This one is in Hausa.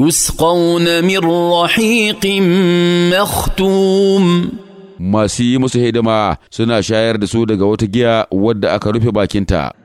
يسقون من رحيق مختوم masu yi musu hidima suna shayar da su daga wata giya wadda aka rufe bakinta